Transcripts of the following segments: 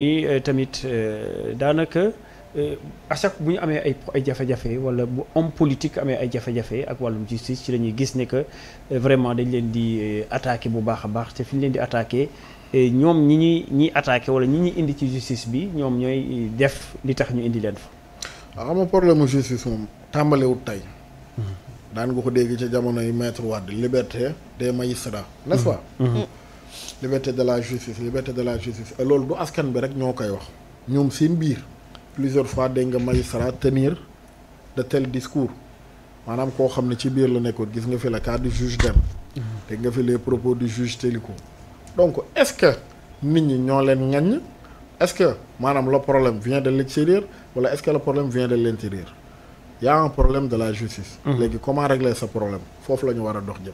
ni euh, tamit euh, daanaka euh, à chaque bu ñu amee ay ay jafe-jafe wala bu homme politique amee ay jafe-jafe ak wàllum justice ci la ñuy gis ne que vraiment dañ leen di attaqué bu baax a baax te fi ñu leen di attaqué ñoom ñi ñuy ñiy attaqué wala ñi ñuy indi ci justice bi ñoom ñooy def li tax ñu indi leen fa. waaw ah, xam nga problème justice moom tàmbalewul tey. Hmm. daan nga ko dégg ci jamono yi maître Wade liberté des magistrats n'est-ce hmm. liberté de la justice liberté de la justice loolu du askan bi rek ñoo koy wax ñoom seen biir plusieurs fois dégg nga magistrat tenir de tel discours maanaam koo xam ne ci biir la nekkoon gis nga fi le cas du juge Dème dégg nga fi les propos du juge Téliko donc est-ce que nit ñi ñoo leen ŋaññ est-ce que maanaam le problème vient de l'extérieur wala est-ce que le problème vient de l'intérieur y a un problème de la justice mmh. léegi comment régler ce problème foofu la ñu war a dox jëm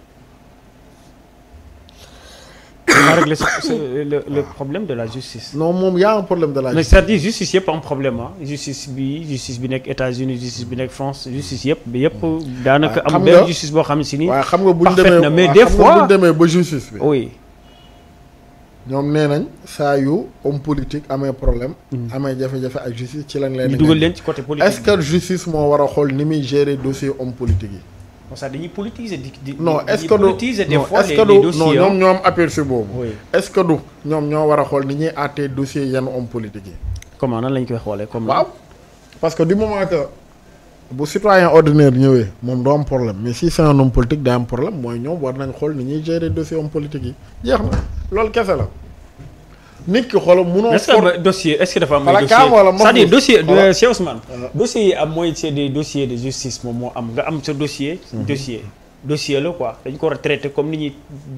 pas réglé le, le problème de la justice. non moom y' a problème de la justice. mais c'est-à-dire justice am problème ah justice bi justice bi nekk États-Unis justice bi nekk France justice yëpp yëpp. daanaka ah, am benn justice boo xam si ni. waaw xam na bu ñu demee mais des fois bu ñu demee ba justice bi. oui. ñoom nee nañ saa yu homme politique amee problème. Mm. amee jafe-jafe ak justice ci lañ leen. ñu dugal leen ci côté politique est-ce justice moo war xool ni muy gérer dossier homme politique yi. comme ça dañuy que du des fois les dossiers non ñoom ñoo am aperçu boobu. est-ce que du ñoom ñoo war a xool ni ñuy àttee dossier yenn om politique yi. comment koy xoolee comme. waaw parce que du moment que bu citoyen ordinaire ñëwee moom du am problème mais si c'est un homme politique day am problème mooy ñoom war nañ xool ni ñuy gérer dossier homme politique yi jeex na loolu kese la. nit ki xoolal munoo. est-ce que dossier est-ce que dafa am. ay dossier c'est-à-dire dossier yi am mooy c'est des dossiers de justice moom moo am nga am sa dossier. Mhm. dossier dossier la quoi dañ ko war comme ni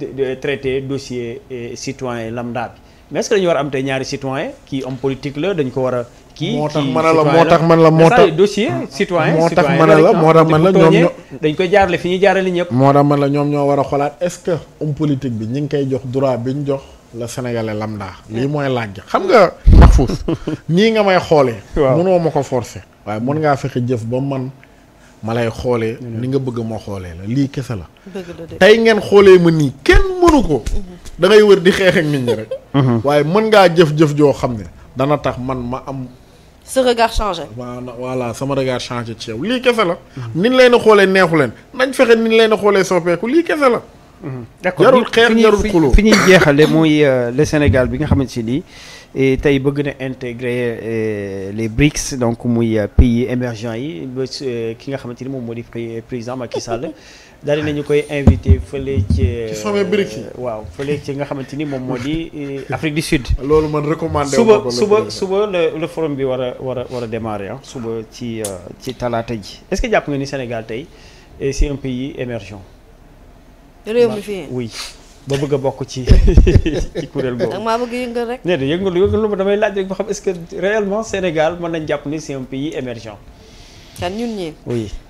ñuy traité dossier eh, citoyen lambda bi mais est dañu war a am tey ñaari citoyen kii homme politique la dañ ko war a. kii moo tax man la moo tax man la moo tax dossier hmm. citoyen moo tax man la moo tax man la ñoom dañ koy jaarale fi ñuy jaarale ñëpp. moo tax man la ñoom ñoo war a xoolaat est-ce que homme politique bi ñu ngi koy jox droit bi ñu jox. la sénégalais lambda. lii mooy laaj xam nga Mahfouz nii nga may xoolee. waaw mënoo ma ko forcer. waaye mën ngaa fexe jëf ba man ma lay xoole mm-hmm. ni nga bëgg moo xoolee la lii kese la. tey ngeen xoolee ma nii kenn mënu ko. Mm-hmm. da ngay wër di xeex ak nit ñi rek. Mm-hmm. waaye mën ngaa jëf-jëf joo xam ne dana tax man ma am. sa regard changé. voilà sama regard changé ci yow lii kese la. ni leen a xoolee neexu leen nañ fexe ni ñu leen a xoolee soppeeku lii kese la. d'accord jarul xeex jarul xuloo fi ñuy jeexale mooy euh, le Sénégal bi nga xamante si nii tey bëgg na intégrer euh, les BRICS donc muy euh, pays émergents yi ba ki nga xamante ni moom moo di président Macky Sall daal nañu koy invité fële ci. waaw fële ci nga xamante ni moom moo di Afrique du Sud. loolu man recommandé suba suba suba le bi war a war a war a démarrer suba ci ci talaata ji est-ce que jàpp nga ni Sénégal tey c'est un pays émergent. réew mi fii oui ba bëgg a bokk ci ci kuréel boobu. maa bëgg yëngal rek. nee na yëngal damay laaj rek ba xam est-ce que réellement Sénégal mën nañ jàpp ni c'est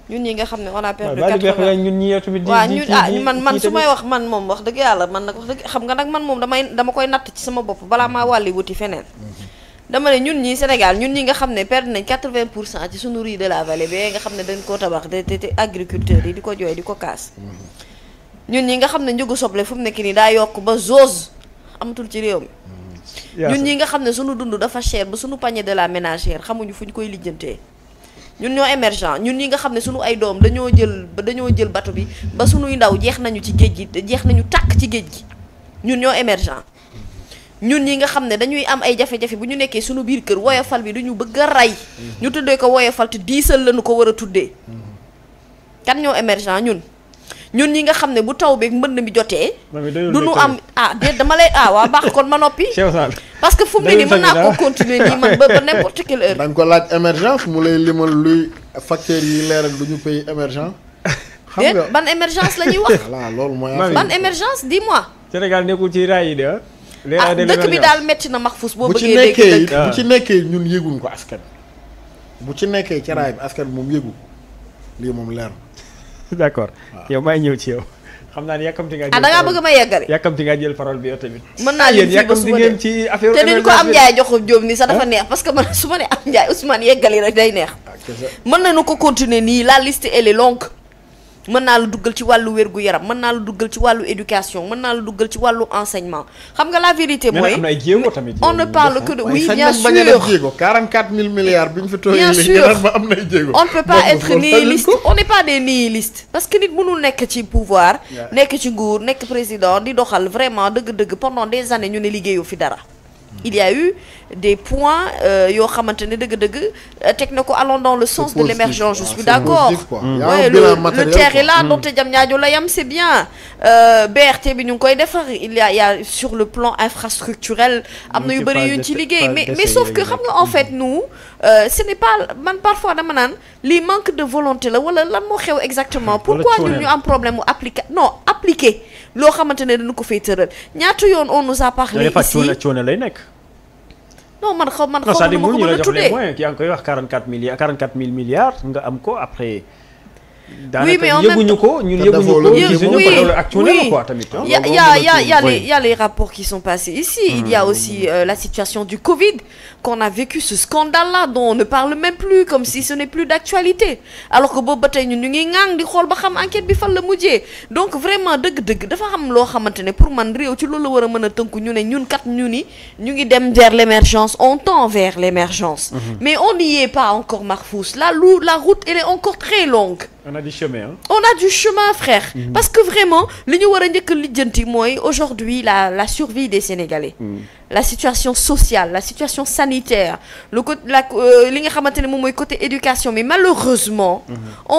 ñun ñi nga xam ne on a perdu. ñun ñi yow tamit. Ah, man man su may wax moom wax dëgg yàlla man nag wax dëgg xam nga nag man moom damay dama koy natt ci sama bopp balaa maa wàlli wuti feneen. Mhm. dama ñun ñii Sénégal ñun ñi nga xam ne perdre nañ quatre-vingts pour cent ci suñu riz de la vallée bi nga xam ne dañ koo tabax te te agriculteurs yi di ko jooy di ko kaas mhm. ñun ñi nga xam ne njëgu soble fu mu nekk nii daa yokk ba zose amatul ci réew mi. Mm. ñun ñi nga xam ne suñu dund dafa cher ba suñu panier de la ménagère xamuñu fu ñu koy lijjantee. ñun ñoo émergent ñun ñi nga xam ne suñu ay doom dañoo jël dañoo jël bato bi ba suñuy ndaw jeex nañu ci géej gi jeex nañu tàkk ci géej gi ñun ñoo émergent ñun ñi nga xam ne dañuy am ay jafe-jafe bu ñu nekkee suñu biir kër woyofal bi duñu bëgg a rey mm. ñu tuddee ko woyofal te diisal lañu ko war a tuddee mm. kan ñoo émergent ñun ñun ñi nga xam ne bu taw beeg mbënd mi jotee du ñu am ah déet dama lay ah waa baax kon ma noppi parce que fu mu ne nii mën naa ko continuer nii man ba ba n'importe quelle danga ko laaj émergence mu lay limal luy facteurs yi leeral du ñu pays émergent xam nga ban émergence la wax loolu mooy ban émergence dis-moi Sénégal nekkul ci raay yi de ah dëkk bi daal metti na Mahfous boo bëggee dégg dëkk bu ci nekkee ñun yëguñ ko askan bu ci nekkee ci bi askan moom yëgu lii moom leer d'accord ah. yow may ñëw ci yow. xam naa ne yàkkamti nga. ah da bëgg ma yeggale. yàkkamti nga jël parole bi yow tamit. mën naa ah, leen fii ba su ngeen ci affaire te duñ ko ni sax dafa neex parce que man su ma ne am njaay Ousmane yeggali rek day neex. Ah, mën nañu ko continuer nii la list elle est longue mën naa la duggal ci wàllu wér-gu-yaram mën naa la duggal ci wàllu éducation mën naa la duggal ci wàllu enseignement xam nga la vérité mooy on ne parle que de oui bien sûr jéego 44 000 milliards bi ñu fi tooyee léegi ba am nay jéego on ne peut des nihilistes parce que nit mënul nekk ci pouvoir nekk ci nguur nekk président di doxal vraiment dëgg-dëgg pendant des années ñu ne liggéeyo fi dara il y a eu des points euh, yoo xamante ne dëgg-dëgg euh, teg na ko allons dans le sens de l'émergence je suis d'accord mm. le, terre est là mm. donte jam ñaajo la yam c'est bien euh, BRT bi ñu ngi koy il y a il y sur le plan infrastructurel am na yu bëri yuñ ci liggéey mais mais sauf que xam en fait nous ce n'est pas man parfois dama naan lii de volonté la wala lan moo xew exactement pourquoi ñun ñu problème mu non appliquer loo on nous a parlé ici non man xaw man xaw ma ko mën a tuddee milliards am ko après. oui mais en même temps daanaka yëguñu ko ñun yëguñu ko yëguñu ko loolu actuellement quoi tamit. a y' a y' a les y' a les rapports qui sont passés ici. il y' a hmm. aussi euh, la situation du Covid qu'on a vécu ce scandale-là dont on ne parle même plus comme si ce n'est plus d'actualité alors que boobu ba tey ñun ñu ngi ŋang di xool ba xam enquête bi fan la mujjee donc vraiment dëgg-dëgg dafa xam loo xamante ne pour man réew ci loolu la war a mën a tënku ñu ne ñun kat ñu ni ñu ngi dem vers l'émergence on tend vers l'émergence mhm. mais on n'y est pas encore Marfous la lu la route elle est encore très longue on a du chemin hein? on a du frère mhm. parce que vraiment li ñu war a njëkk lijjanti mooy aujourd'hui la la survie des Sénégalais mhm. la situation sociale la situation sanitaire le côté la euh, li nga xamante ne moom mooy côté éducation mais malheureusement. Mhm.